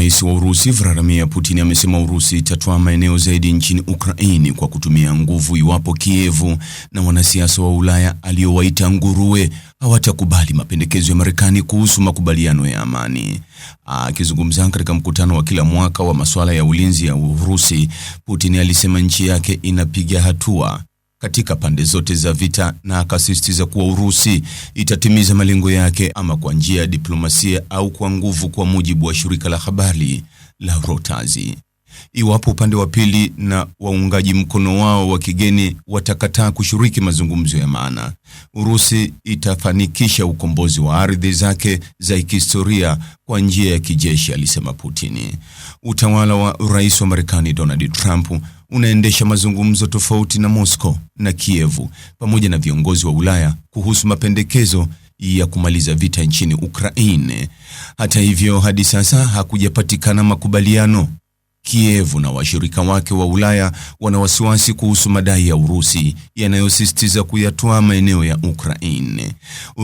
Rais wa Urusi Vladimir Putin amesema Urusi itatwaa maeneo zaidi nchini Ukraini kwa kutumia nguvu iwapo Kievu na wanasiasa wa Ulaya aliyowaita nguruwe hawatakubali mapendekezo ya Marekani kuhusu makubaliano ya amani. Akizungumza katika mkutano wa kila mwaka wa masuala ya ulinzi ya Urusi, Putin alisema nchi yake inapiga hatua katika pande zote za vita na akasisitiza kuwa Urusi itatimiza malengo yake ama kwa njia ya diplomasia au kwa nguvu, kwa mujibu wa shirika la habari la Reuters. Iwapo upande wa pili na waungaji mkono wao wa kigeni watakataa kushiriki mazungumzo ya maana, Urusi itafanikisha ukombozi wa ardhi zake za kihistoria kwa njia ya kijeshi, alisema Putin. Utawala wa Rais wa Marekani Donald Trump unaendesha mazungumzo tofauti na Moscow na Kievu pamoja na viongozi wa Ulaya kuhusu mapendekezo ya kumaliza vita nchini Ukraine. Hata hivyo, hadi sasa hakujapatikana makubaliano Kievu na washirika wake wa Ulaya wana wasiwasi kuhusu madai ya Urusi yanayosisitiza kuyatoa maeneo ya Ukraine.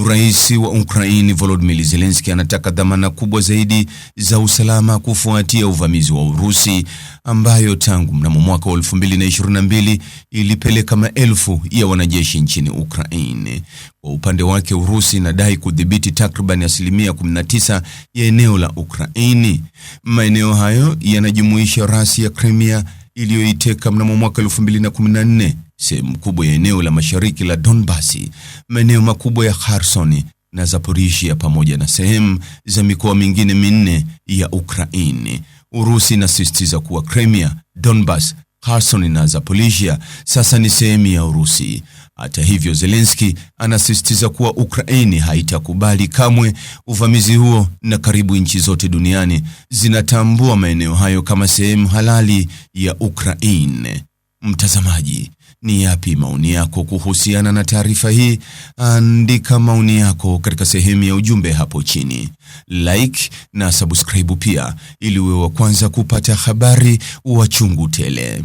Rais wa Ukraine Volodymyr Zelensky anataka dhamana kubwa zaidi za usalama kufuatia uvamizi wa Urusi ambayo tangu mnamo mwaka wa 2022 ilipeleka maelfu ya wanajeshi nchini Ukraine. Kwa upande wake, Urusi inadai kudhibiti takriban asilimia 19 ya eneo la Ukraini. Maeneo hayo yanajumuisha rasi ya Crimea iliyoiteka mnamo mwaka 2014, sehemu kubwa ya eneo la mashariki la Donbasi, maeneo makubwa ya Kherson na Zaporizhia pamoja na sehemu za mikoa mingine minne ya Ukraini. Urusi inasisitiza kuwa Crimea, Donbas, Kherson na Zaporizhia sasa ni sehemu ya Urusi. Hata hivyo, Zelensky anasisitiza kuwa Ukraini haitakubali kamwe uvamizi huo na karibu nchi zote duniani zinatambua maeneo hayo kama sehemu halali ya Ukraine. Mtazamaji, ni yapi maoni yako kuhusiana na taarifa hii? Andika maoni yako katika sehemu ya ujumbe hapo chini, like na subscribe pia, ili uwe wa kwanza kupata habari wa chungu tele.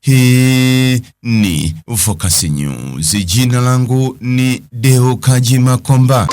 Hii ni Focus News. Jina langu ni Deo Kaji Makomba.